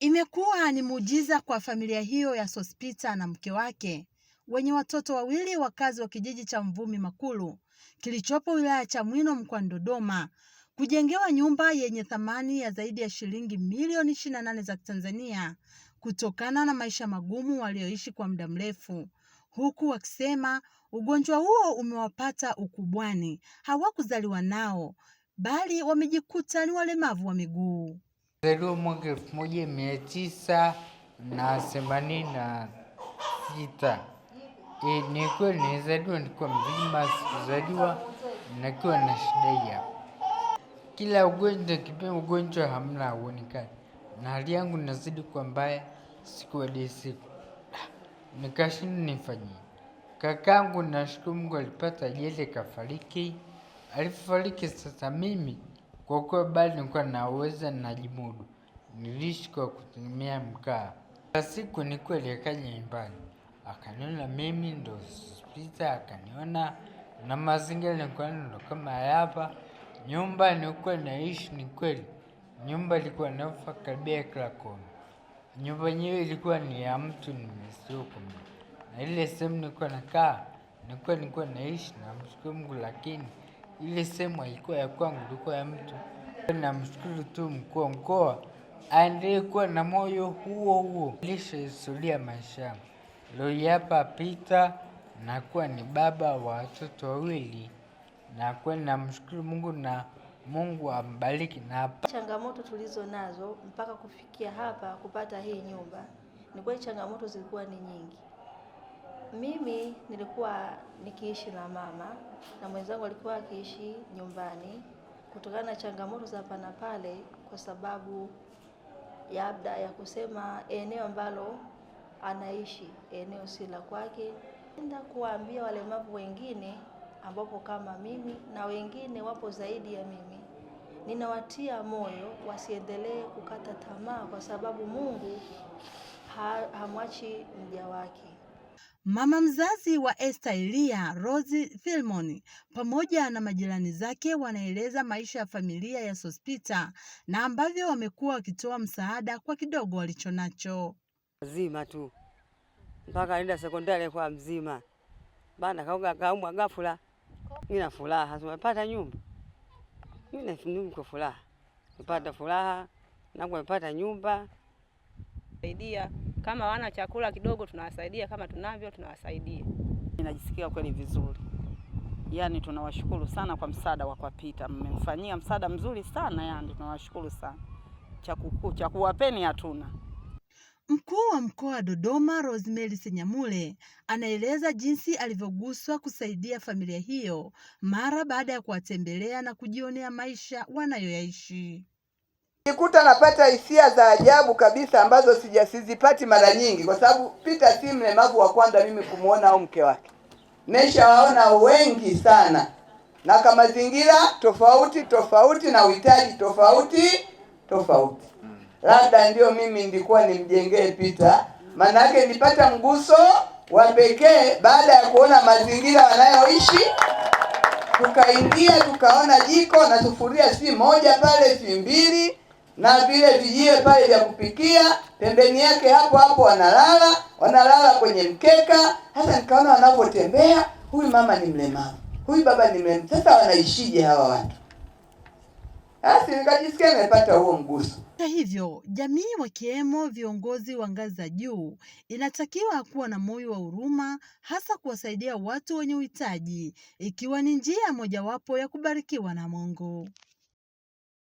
Imekuwa ni muujiza kwa familia hiyo ya Sospita na mke wake wenye watoto wawili, wakazi wa kijiji cha Mvumi Makulu kilichopo wilaya ya Chamwino mkoani Dodoma kujengewa nyumba yenye thamani ya zaidi ya shilingi milioni 28 za Tanzania kutokana na maisha magumu walioishi kwa muda mrefu, huku wakisema ugonjwa huo umewapata ukubwani, hawakuzaliwa nao bali wamejikuta ni walemavu wa miguu. Peru mwaka elfu moja mia tisa na themanini na sita. E, nikiwa nizaliwa nikiwa mzima, sikuzaliwa nakiwa na shida hii Kila ugonjwa kipia ugonjwa hamna hauonekani, na hali yangu nazidi kuwa mbaya siku hadi siku, nikashinda nifanyie. Kakangu nashukuru Mungu alipata ajali kafariki, alifariki sasa mimi kwa kuwa bado nilikuwa naweza najimudu, niliishi kwa kutumia mkaa. Kwa siku nikuwa aliekaja nyumbani, akaniona mimi ndo spita, akaniona na mazingira nilikuwa ndo kama hapa. Nyumba nilikuwa naishi ni kweli, nyumba ilikuwa nafa karibia kila kona. Nyumba yenyewe ilikuwa ni ya mtu nimesiokumna, na ile sehemu nilikuwa nakaa nilikuwa nilikuwa naishi namshukuru Mungu lakini ile sehemu haikuwa ya kwangu, ilikuwa ya mtu. Namshukuru tu mkuu wa mkoa aendelee kuwa na moyo huo huo, lishaisulia maisha hapa pita nakuwa ni baba wa watoto wawili, na na namshukuru Mungu na Mungu ambariki. Na changamoto tulizo nazo mpaka kufikia hapa kupata hii nyumba, ni kweli changamoto zilikuwa ni nyingi mimi nilikuwa nikiishi na mama na mwenzangu alikuwa akiishi nyumbani, kutokana na changamoto za hapa na pale, kwa sababu labda ya kusema eneo ambalo anaishi eneo si la kwake, enda kuwaambia walemavu wengine ambapo kama mimi na wengine wapo zaidi ya mimi, ninawatia moyo wasiendelee kukata tamaa, kwa sababu Mungu ha hamwachi mja wake. Mama mzazi wa Esther Elia, Rose Filmon, pamoja na majirani zake wanaeleza maisha ya familia ya Sospita na ambavyo wamekuwa wakitoa msaada kwa kidogo walichonacho. Mzima tu mpaka alienda sekondari kwa mzima bana, kaoga kaumwa ghafla. Nina furaha tumepata nyumba, kwa furaha, tumepata furaha nangu amepata nyumba saidia kama wana chakula kidogo tunawasaidia, kama tunavyo tunawasaidia. Ninajisikia kweli vizuri, yaani tunawashukuru sana kwa msaada wa Kwapita, mmemfanyia msaada mzuri sana, yaani tunawashukuru sana. Cha kuwapeni hatuna. Mkuu wa mkoa wa Dodoma Rosemary Senyamule anaeleza jinsi alivyoguswa kusaidia familia hiyo mara baada ya kuwatembelea na kujionea maisha wanayoyaishi. Nikuta napata hisia za ajabu kabisa ambazo sijasizipati mara nyingi, kwa sababu Peter si mlemavu wa kwanza mimi kumwona au mke wake, nimeshawaona wengi sana na kwa mazingira tofauti tofauti na uhitaji tofauti tofauti. Labda ndio mimi nilikuwa nimjengee Peter, maana yake nipata mguso wa pekee baada ya kuona mazingira wanayoishi tukaingia tukaona jiko na sufuria si moja pale, si mbili, na vile vijie pale vya kupikia pembeni yake, hapo hapo wanalala, wanalala kwenye mkeka. Hata nikaona wanavyotembea, huyu mama ni mlemavu, huyu baba ni mlemavu. Sasa wanaishije hawa watu? Basi nikajisikia nimepata huo mguso. Hata hivyo, jamii wakiwemo viongozi wa ngazi za juu inatakiwa kuwa na moyo wa huruma, hasa kuwasaidia watu wenye uhitaji, ikiwa ni njia mojawapo ya kubarikiwa na Mungu.